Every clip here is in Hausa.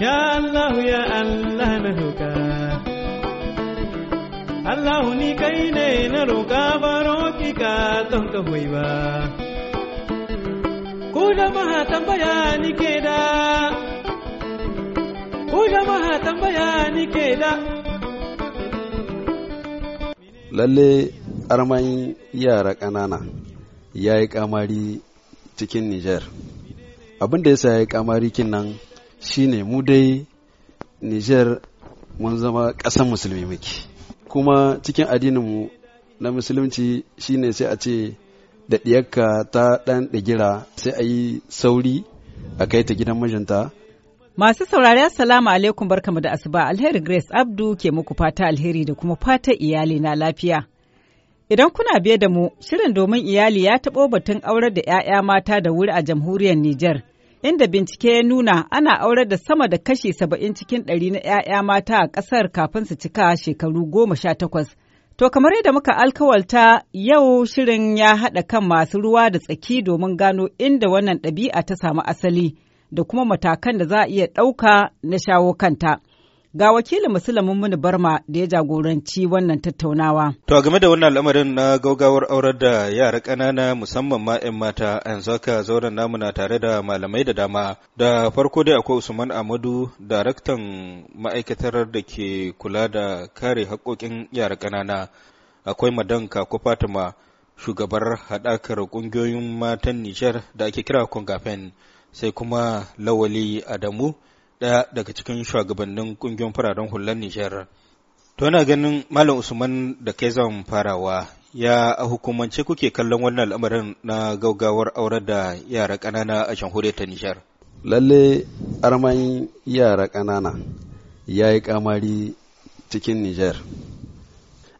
Ya Allah ya Allah na roƙa Allah ni kai ne na roƙa baro ki ka don ka hoyi ba Ku jama'a tambaya ni ke da Ku jama'a tambaya ni ke da Lalle arman yara ƙanana ya yi ƙamari cikin Nijar abin da ya ya yi ƙamari kin nan ne mu dai Nijar mun zama ƙasan musulmi muke kuma cikin addininmu na musulunci shine sai a ce da ɗiyarka ta ɗan ɗigira sai a yi sauri a kai ta gidan mijinta Masu saurari Assalamu alaikum barkamu da asuba alheri Grace Abdu ke muku fata alheri da kuma fata iyali na lafiya. Idan kuna biye da mu, shirin domin iyali ya taɓo batun aurar da 'ya'ya mata da wuri a jamhuriyar Nijar. inda bincike ya nuna ana aurar da sama da kashi saba'in cikin ɗari na 'ya'ya mata a ƙasar kafin su cika shekaru goma sha takwas. To kamar yadda muka alkawalta yau shirin ya haɗa kan masu ruwa da tsaki domin gano inda wannan ɗabi'a ta samu asali da kuma matakan da za a iya ɗauka na shawo kanta. Ga wakilin Musulmin Muni Barma da ya jagoranci wannan tattaunawa. To game da wannan al'amarin na gaugawar aurar da yara ƙanana musamman ma 'yan mata yanzu haka zauren namu na tare da malamai da dama. Da farko dai akwai Usman Amadu, daraktan ma'aikatar da ke kula da kare haƙoƙin yara ƙanana. Akwai Madan Kako Fatima, shugabar haɗakar ƙungiyoyin matan Nijar da ake kira Kongafen. Sai kuma Lawali Adamu, ɗaya daga cikin shugabannin ƙungiyar fararen hular Nijar. To na ganin Malam Usman da kai zan farawa ya a hukumance kuke kallon wannan al'amarin na gaugawar aurar da yara ƙanana a jamhuriyar ta Nijar. Lalle arman yara ƙanana ya yi kamari cikin Nijar.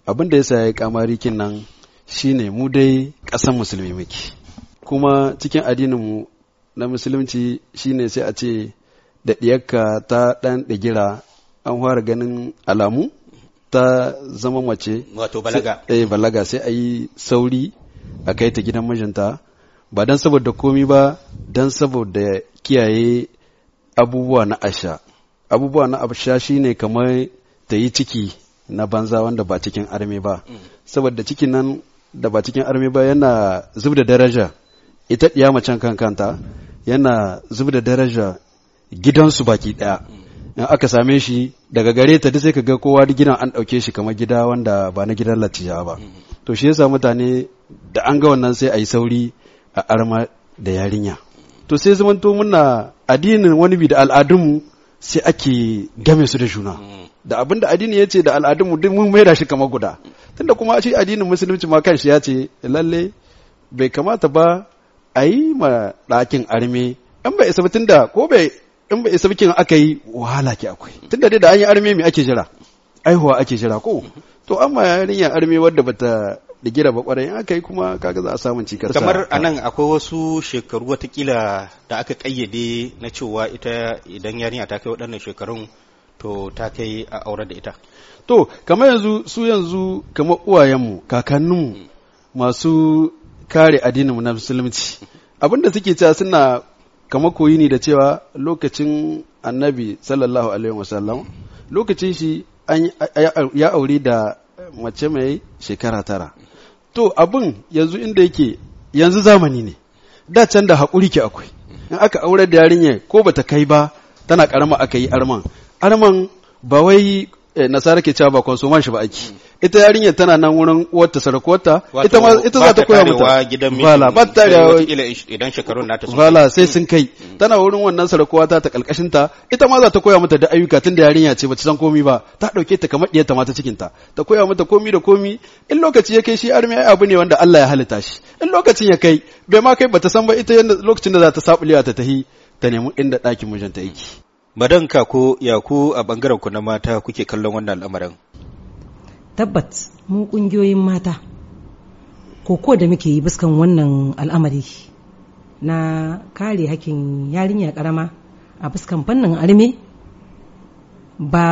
Abin da yasa ya yi kamari kin nan shine mu dai ƙasan musulmi muke. Kuma cikin addininmu na musulunci shine sai a ce da ɗiyarka ta ɗan ɗigira an fara ganin alamu ta zama mace wato balaga eh balaga sai a yi sauri a kai ta gidan mijinta ba don saboda komi ba don saboda kiyaye abubuwa na asha abubuwa na asha shine kamar ta yi ciki na banza wanda ba cikin arme ba saboda cikin nan da ba cikin arme ba yana zub da daraja ita ɗiya macen kan kanta yana zub da daraja gidansu baki daya in aka same shi daga gare ta duk sai ka ga kowa da gidan an dauke shi kamar gida wanda ba na gidan latiya ba to shi yasa mutane da an ga wannan sai a yi sauri a arma da yarinya to sai zaman to muna addinin wani bi da al'adunmu sai ake game su da juna da abin da addini ya ce da al'adunmu duk mun maida shi kamar guda tunda kuma shi addinin musulunci ma kanshi ya ce lalle bai kamata ba a yi ma ɗakin arme an bai isa tunda ko bai in ba isa bikin aka yi wahala ke akwai tunda dai da an yi arme mai ake jira aihuwa ake jira ko to an yarin yarinya arme wadda bata digira ba kwarai aka yi kuma kaga za a samun cikarsa. kamar anan akwai wasu shekaru watakila da aka kayyade na cewa ita idan yarinya ta kai waɗannan shekarun to ta kai a aure da ita to kamar yanzu su yanzu kamar uwayenmu kakanninmu masu kare addinin na musulunci abinda suke cewa suna kamar koyi ne da cewa lokacin annabi sallallahu alaihi wasallam lokacin shi ya aure da mace mai shekara tara to abin yanzu inda yake yanzu zamani ne da can da haƙuri ke akwai in aka aure da yarinya ko bata kai ba tana ƙarama aka yi arman arman ba wai Eh, nasara ke cewa ba consumer shi ba aiki ita yarinyar tana nan wurin wata sarakota. ita ma ita za ta koya mata gidan wala ba ta tarewa idan shekarun nata sun wala sai sun kai mm. Mm. tana wurin wannan sarakuwa ta ta kalkashin ta ita ma za ta koya mata da ayyuka tun da yarinya ce bata san komi ba ta dauke ta kamar diyar ta mata cikin ta ta koya mata komi da komi in lokaci ya kai shi armi ai abu ne wanda Allah ya halitta shi in lokacin ya kai bai ma kai bata san ba ita yanda lokacin da za ta sabulewa ta tahi ta nemi inda daki mujanta yake madan kako ku a bangaren ku na mata kuke kallon wannan al'amarin tabbat mu ƙungiyoyin mata ko da muke yi biskan wannan al'amari na kare hakin yarinya karama a biskan fannin arme ba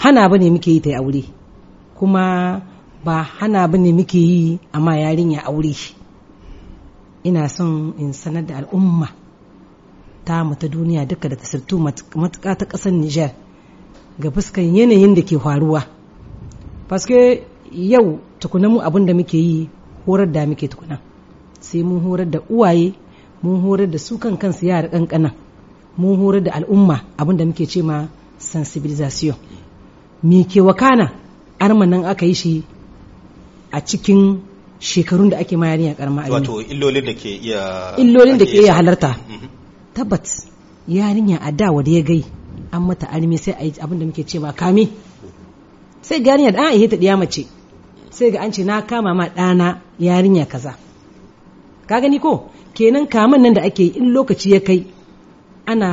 hana ba ne muke yi ta aure kuma ba hana ba ne muke yi amma yarinya aure ina son in sanar da al'umma ta mata duniya duka da tasirtu matuƙa ta kasar Nijar ga fuskan yanayin da ke faruwa. Paske yau tukuna mu abin da muke yi horar da muke tukuna. Sai mun horar da uwaye, mun horar da su kan kansu yara kankana, mun horar da al'umma abin da muke ce ma sensibilisation. Me ke wakana arman nan aka yi shi a cikin shekarun da ake mayani a karama a Wato illolin da ke iya illolin da ke iya halarta. Mm-hmm. tabbat yarinya a da da ya gai an mata armi sai a yi abin da muke cewa kame sai ga yarinya da an ta diya mace sai ga an ce na kama ma ɗana yarinya kaza ka gani ko kenan kaman nan da ake yi in lokaci ya kai ana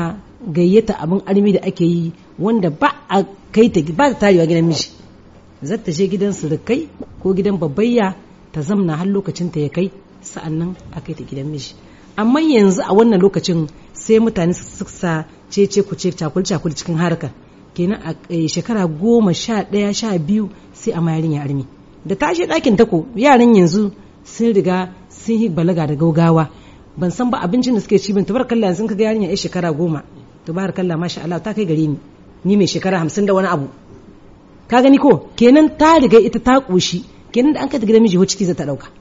gayyata abin armi da ake yi wanda ba a kai ta ba ta tarewa gidan miji zata je gidan surukai ko gidan babayya ta zamna har lokacin ta ya kai sa'annan a kai ta gidan miji amma yanzu a wannan lokacin sai mutane su sa cece ku ce cakul cakul cikin harka kenan a eh, shekara goma sha ɗaya sha biyu sai a mayarin armi da tashi ɗakin tako yaran yanzu sun riga sun yi balaga da gaugawa ban san ba abincin da suke ci ban kalla yanzu kaga yarinya ya shekara goma bar kalla masha Allah ta kai gare ni ni mai shekara hamsin da wani abu ka gani ko kenan ta riga ita ta ƙoshi kenan da an kai ta gidan miji ciki za ta ɗauka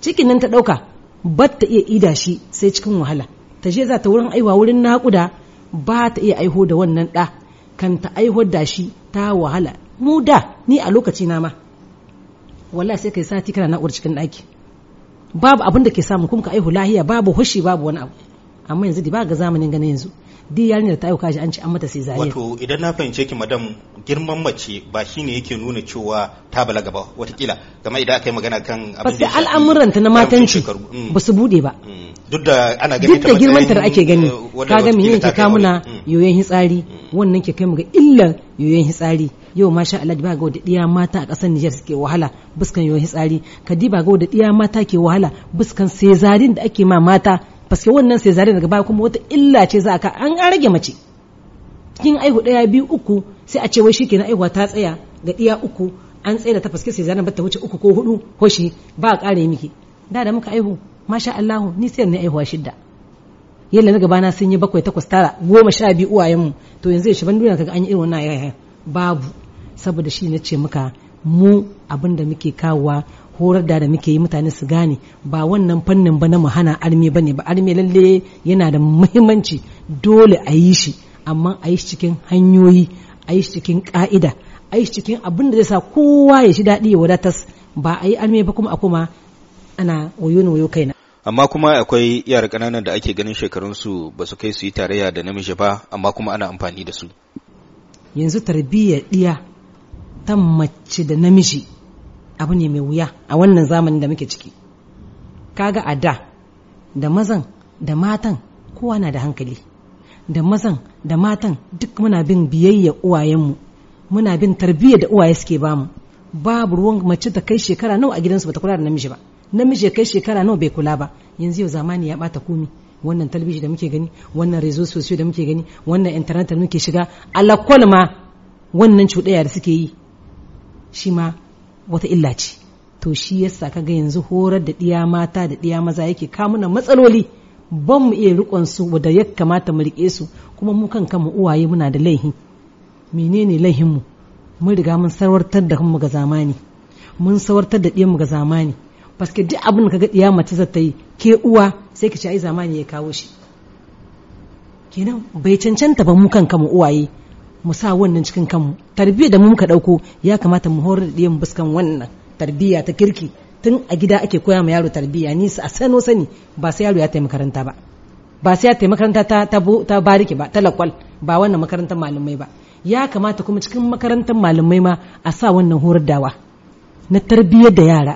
cikin nan ta ɗauka Bata iya ida shi sai cikin wahala ta je za ta wurin aiwa wurin naƙuda ba ta iya aiho da wannan ɗa kan ta aiho da shi ta wahala mu da ni a lokaci na ma wallah sai kai sati kana naƙuda cikin ɗaki babu abin da ke samu kuma ka aihu lahiya babu hushi babu wani abu amma yanzu da ba ga zamanin ganin yanzu duk da ta kaji an ci an mata sai zariya wato idan na fahimce ki madam girman mace ba shine yake nuna cewa ta balaga ba watakila kama idan aka yi magana kan abin da al'amuran ta na matanci mm. ba su bude ba mm. duk da ana gani ta girman ta da ake gani eh, ka ga me yake ka muna mm. yoyon hitsari wannan ke kai mu ga illa yoyon hitsari yau masha Allah ba ga da diya mata a kasar Niger suke wahala buskan yoyon hitsari ka ba ga da diya mata ke wahala buskan sai zarin da ake ma mata paske wannan sai zare daga baya kuma wata illa ce za ka an rage mace cikin aihu daya biyu uku sai a ce wai shi shikenan aihuwa ta tsaya ga iya uku an tsaye da ta paske sai zare bata wuce uku ko hudu ko shi ba a kare miki da da muka aihu masha Allah ni sai na aihuwa shidda yalla na gaba na sun yi bakwai takwas tara goma sha biyu uwayenmu to yanzu ya shiban duniya kaga an yi irin wannan babu saboda shi na ce muka mu abin da muke kawowa horar da da muke yi mutane su gane ba wannan fannin ba na mu hana arme ba ne ba arme lalle yana da muhimmanci dole a yi shi amma a yi shi cikin hanyoyi a yi shi cikin ka'ida a yi shi cikin abin da zai sa kowa ya shi daɗi ya wadatas ba a yi arme ba kuma a kuma ana wayo wayo kaina amma kuma akwai yara ƙananan da ake ganin shekarunsu ba su kai su yi tarayya da namiji ba amma kuma ana amfani da su yanzu tarbiyyar ɗiya ta mace da namiji abu ne mai wuya a wannan zamanin da muke ciki kaga a da da mazan da matan kowa na da hankali da mazan da matan duk muna bin biyayya uwayenmu muna bin tarbiyya da uwaye suke bamu babu ruwan mace ta kai shekara nawa a gidansu bata kula da namiji ba namiji kai shekara nawa bai kula ba yanzu yau zamani ya bata komi wannan talbiji da muke gani wannan rezo sosai da muke gani wannan internet da muke shiga alakwal ma wannan cuɗaya da suke yi shi ma wata illa ce to shi yasa kaga yanzu horar da ɗiya mata da ɗiya maza yake kamuna matsaloli ban mu iya rikon su da ya kamata mu rike su kuma mu kan kanmu uwaye muna da laihi menene laihin mu mun riga mun sarwartar da kanmu ga zamani mun sawartar da ɗiyanmu ga zamani paske duk abin da ga ɗiya mace za ta yi ke uwa sai ka ci ai zamani ya kawo shi kenan bai cancanta ba mu kan kanmu uwaye mu sa wannan cikin kanmu tarbiyya da muka ɗauko dauko ya kamata mu horar da yin buskan wannan tarbiyya ta kirki tun a gida ake koya ma yaro tarbiyya ni a sano sani ba sai yaro ya taimaka makaranta ba ba sai ya taimaka makaranta ta ta, ta bariki ba ta lakwal ba wannan makarantar malamai ba ya kamata kuma cikin makarantar malamai ma a sa wannan horar dawa na tarbiyyar da yara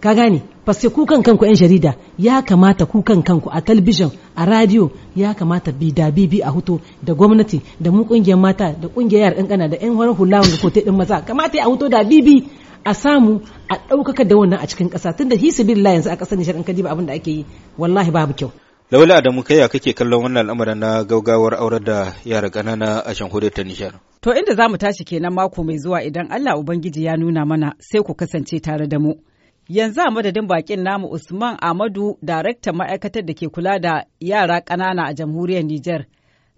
ka gane fasai kukan kanku 'yan jarida ya kamata kukan kanku a talbijin a radio ya kamata bi da bibi a huto da gwamnati da mu kungiyar mata da kungiyar yar kankana da 'yan horar hula wanda kotai din maza kamata ya huto da bibi a samu a ɗaukaka da wannan a cikin ƙasa tunda hisabilillah yanzu a ƙasar nishar in kadi ba abin da ake yi wallahi babu kyau Laula Adamu ya kake kallon wannan al'amarin na gaugawar aurar da yara ƙanana a shanhudu ta Nijar. To inda za mu tashi kenan mako mai zuwa idan Allah Ubangiji ya nuna mana sai ku kasance tare da mu. Yanzu a madadin bakin namu Usman Amadu, daraktan ma'aikatar da ke kula da yara ƙanana a jamhuriyar Nijar,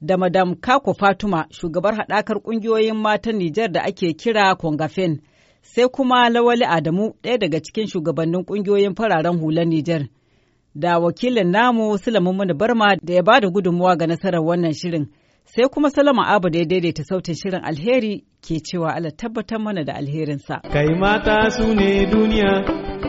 da Madam Kako Fatuma, shugabar haɗakar ƙungiyoyin matan Nijar da ake kira Kongafen, sai kuma Lawali Adamu, ɗaya daga cikin shugabannin ƙungiyoyin fararen hular Nijar. Da wakilin namu Sulaiman Mani Barma da ya bada gudunmuwa ga nasarar wannan shirin. Sai kuma Salama Abu da ya daidaita sautin shirin alheri ke cewa Allah tabbatar mana da alherinsa. Kai mata su ne duniya,